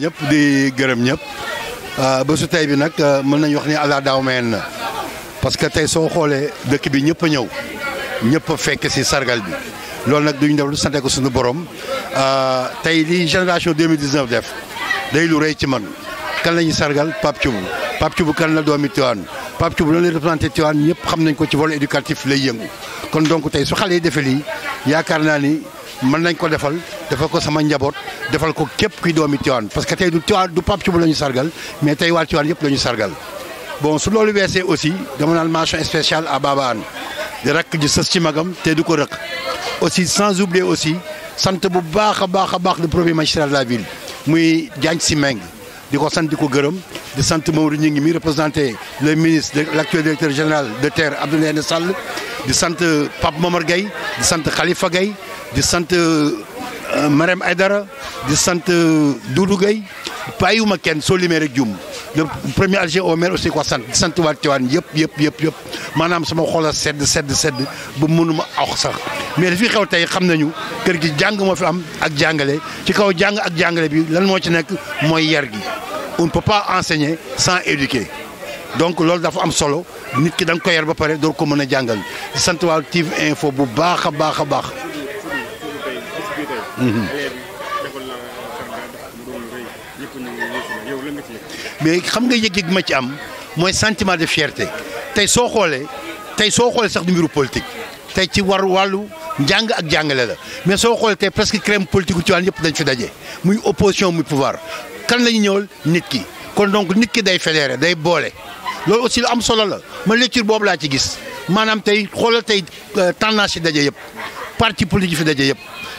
ñëpp di gërëm ñëpp ah, su tey bi nag ah, mën nañu wax ni allah daaw meen na parce que tey soo xoolee dëkk bi ñëpp a ñëw ñëpp a fekk si sargal bi loolu nag duñu def lu sante ko suñu borom ah, tey li génération 2019 def day lu rey ci man kan la ñuy sargal Pape Thioub Pape Thioub kan la doomi Tivaouane Pape Thioub loolu lay représenté Tivaouane ñëpp xam nañ ko ci volet éducatif lay yëngu kon donc tey su xale yi defee lii yaakaar naa ni. man nañ ko defal defal ko sama njaboot defal ko képp kuy doomi Tiwaan parce que tey du Tiwaan du Pape ci la lañu sargal mais tey waa Tiwaan yëpp la sargal bon su loolu weesee aussi dama naan mention spéciale à Baba Anne di rakk ji sës ci magam te du ko rëq aussi sans oublier aussi sant bu baax a baax a baax le premier magistrat de la ville muy Diagne Sy meng di ko sant di ko gërëm di sant Maodo ñu ngi mi représenté le ministre de l' actuel directeur général de terre Abdoulaye Sall di sant Pape Momar Gueye di sant Khalifa Gueye di sante euh, maram Aydara di sante euh, Doudou Gueye bàyyiwuma kenn soo limee rek le premier adjoint au maire aussi quoi sante sante sant waa Tivaouane yëpp yëpp yëpp yëpp sama xol a sedd sedd sedd ba mënuma aw sax mais li fi xew tay xamnañu keur gi jang mo fi am ak jàngale ci kaw jang ak jàngale bi lan mo ci nek moy yar gi on peut pas enseigner sans éduquer donc loolu dafa am solo nit ki dang ko yar ba pare do ko mën a sante di sant info bu baax a baax Mhm. mais xam nga yëg-yëg ma ci am mooy santiment de fierté tey soo xoolee tey soo xoolee sax du mbiru tey ci war wàllu njàng ak jàngale la mais soo xoolee tey presque crème politique u Tivaouane yëpp dañ fi daje muy opposition muy pouvoir kan la ñu ñëwal nit ki kon donc nit ki day fédéré day boole loolu aussi lu am solo la ma lecture boobu laa ci gis maanaam tey xoolal tey euh, tendance yi daje yëpp parti politique fi daje yëpp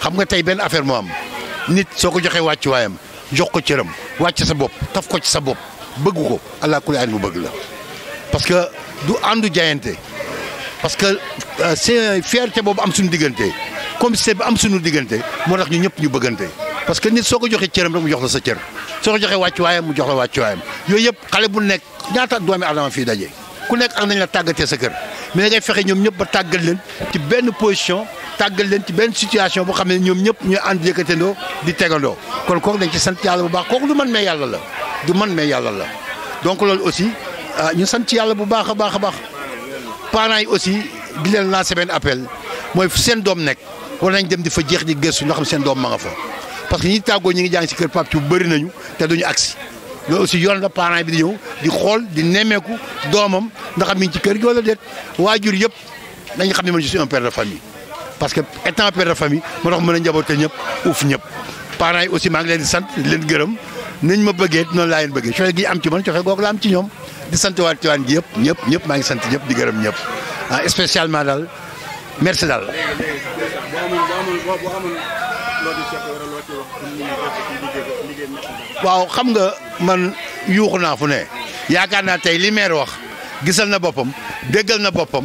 xam nga tey benn affaire moo am nit soo ko joxee wàccuwaayam jox ko cëram wàcc sa bopp taf ko ci sa bopp bëgg ko allah kulli aani mu bëgg la parce que du àndu jaayante parce que euh, c'est fierté boobu am suñu diggante comme c'est bi am suñu diggante moo tax ñu ñëpp ñu bëggante parce que nit soo ko joxee cëram rek mu jox la sa cër soo ko joxee wàccuwaayam mu jox la wàccuwaayam yooyu yëpp xale bu nekk ñaata doomi adama fii daje ku nekk ak nañ la tàggatee sa kër mais ngay fexe ñoom ñëpp ba tàggat leen ci benn position. tàggal leen ci benn situation boo xam ne ñoom ñëpp ñu ànd yëkkatandoo di tegandoo kon kooku dañ ci sant yàlla bu baax kooku du man mais yàlla la du man mais yàlla la donc loolu aussi ah, ñu sant yàlla bu baax a baax a baax parents yi aussi di leen la benn appel mooy fu seen doom nekk war nañ dem di fa jeex di gëstu nga xam seen doom ma nga fa parce que ñi tàggoo ñi ngi jàng ci kër Pape bu bëri nañu te duñu agsi loolu aussi yoon la parent bi di ñëw di xool di nemmeeku doomam ndax mi ngi gi wala déet waajur yëpp dañu xam ne man je suis un parce que étant père de famille moo tax mën a njaboote ñëpp uuf ñëpp parents yi aussi maa ngi leen di sant leen gërëm nañ ma bëggee noonu laa leen bëggee coxe gi am ci man coxe googu la am ci ñoom di sant waat Tiwaawan gi yëpp ñëpp ñëpp maa ngi sant ñëpp di gërëm ñëpp ah, spécialement daal merci daal. waaw xam nga man yuuxu naa fu ne yaakaar naa tey li maire wax gisal na boppam déggal na boppam.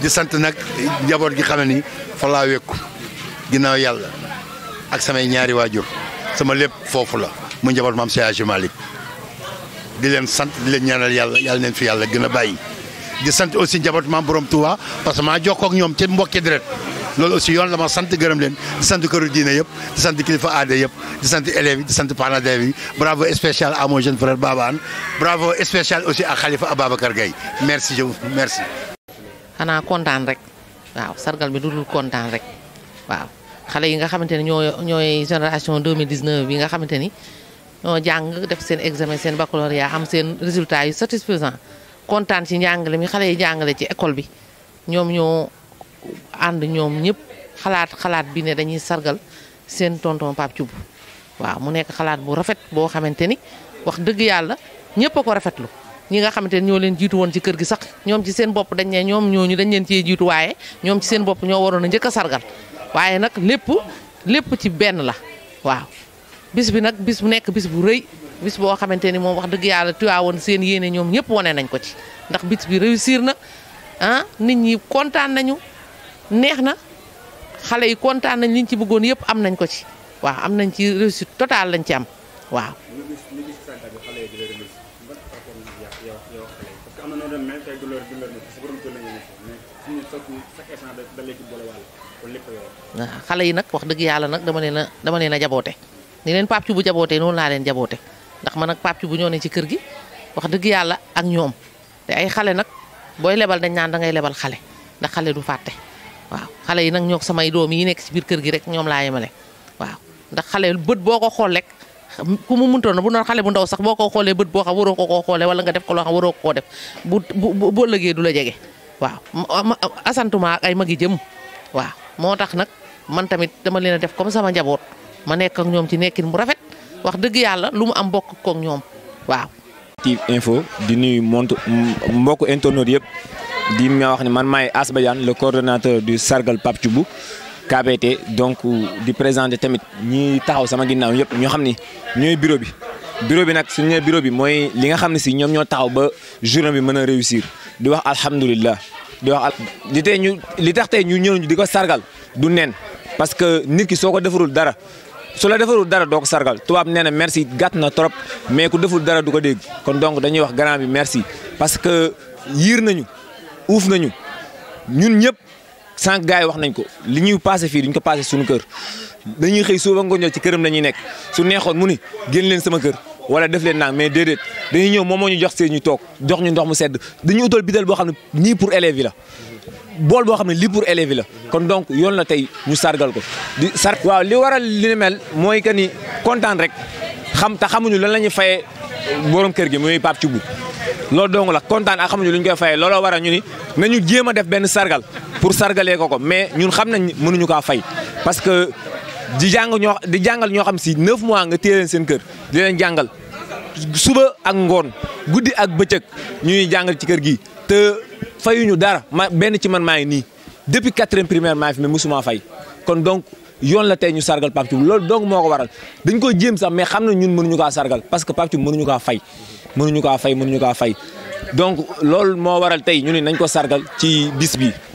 di sant nag njaboot gi xam ne ni fa ginnaaw yàlla ak samay ñaari waajur sama lépp foofu la mu njaboot maam Seydi Malick di leen sant di leen ñaanal yàlla yàlla neen fi yàlla gën bàyyi di sant aussi njaboot maam borom Touba parce que maa jokkoo ñoom ca mbokki deret loolu aussi yoon la ma sant gërëm leen di sant këru diine yëpp di sant kilifa aada yëpp di sant élèves di sant parents d'élèves yi bravo spécial à mon jeune frère Babaan bravo spécial aussi à Khalifa Ababacar Gaye merci je xanaa kontaan rek waaw sargal bi du dul kontaan rek waaw xale yi nga xamante ni ñoo ñooy génération 2019 bi nga xamante ni ñoo jàng def seen examen seen baccalauréat am seen résultat yu satisfaisant kontaan ci njàngale mi xale yi jàngale ci école bi ñoom ñoo ànd ñoom ñëpp xalaat xalaat bi ne dañuy sargal seen tonton Pape Thioub waaw mu nekk xalaat bu rafet boo xamante ni wax dëgg yàlla ñëpp ko rafetlu ñi nga xamante ñoo leen jitu won ci kër gi sax ñom ci seen bop dañ ne ñoo ñu dañ leen ci jitu waye ñom ci seen bop ñoo waro na njëkk sargal waye nak lepp lepp ci benn la waaw bis bi nak bis bu nekk bis bu reuy bis bo xamanteni mom wax deug dëgg tuwa won seen yene ñom ñepp woné nañ ko ci ndax bis bi réussir na han ah, nit ñi contane nañu neex na xalé yi contane nañ liñ ci bëggoon yépp am nañ ko ci waaw am nañ ci réussite totale lañ ci am waaw wér dund ah, xale yi nag wax dëgg yàlla nag dama leen a dama leen jaboote ni leen Pape Thioub bu jabootee noonu laa leen jaboote ndax ma nag Pape Thioub bu ñoo ne ci kër gi wax dëgg yàlla ak ñoom te ay xale nag booy lebal dañ naan dangay lebal xale ndax xale du fàtte waaw xale yi nag ñoo samay doom yi nekk ci biir kër gi rek ñoom laa yemale waaw ndax xale bët boo ko xool rek ku mu muntoon bu noon xale bu ndaw sax boo ko xoolee bët boo xam waroo ko koo xoolee wala nga def ko loo xam waroo ko koo def bu bu bu ëllëgee du la jege waaw asantuma ak ay magi jëm waaw moo tax nag man tamit dama leen a def comme sama njaboot ma nekk ak ñoom ci nekkin mu rafet wax dëgg yàlla lu mu am bokk kook ñoom waaw. ci info di nuyu mont mbokku internautes yëpp di nga wax ne man maay Ass Badiane le coordonnateur du sargal Pape Thioub te donc di présenter tamit ñi taxaw sama ginnaaw yëpp ñoo xam ni ñooy bureau bi bureau bi nag suñu nee bureau bi mooy li nga xam ne si ñoom ñoo taxaw ba journée bi mën a réussir di wax alhamdulilah di wax li tey ñu li tax tey ñu ñëw di ko sargal du nen parce que nit ki soo ko defarul dara su la defarul dara doo ko sargal tubaab nee na merci gàtt na trop mais ku deful dara du ko dégg kon donc dañuy wax grand bi merci parce que yiir nañu uuf nañu ñun ñëpp. sànq gars yi wax nañ ko li ñuy passé fii duñ ko passé suñu kër dañuy xëy suba nga ñëw ci këram la ñuy nekk su neexoon mu ni génn leen sama kër wala def leen naan mais déedéet dañuy ñëw moom moo ñu jox seen ñu toog jox ñu ndox mu sedd dañuy utal bidal boo xam ne nii pour élèves la bool boo xam ne lii pour élèves la kon donc yoon la tey ñu sargal ko di sar waaw li waral li mel mooy que ni kontaan rek xam te xamuñu lan la ñuy fayee borom kër gi mooy Pape Thioub loolu dong la kontaan ak xamuñu lu ñu koy fayee looloo waral ñu ni nañu jéem a def benn sargal pour sargalé ko ko mais ñun xamnañ mënuñu ko fay parce que di jang ño di jangal ño xam si 9 mois nga téye sen kër di len jangal suba ak ngoon guddi ak beccëk ñuy jangal ci kër gi te fayuñu dara ma benn ci man may ni depuis depuis e primaire ma fi mais musuma fay kon donc yon la tay ñu sargal papti lool donc moko waral dañ ko jëm sax mais xamna ñun mënuñu ko sargal parce que papti mënuñu ko fay mënuñu ko fay mënuñu ko fay donc lool mo waral tay ñu ni nañ ko sargal ci bis bi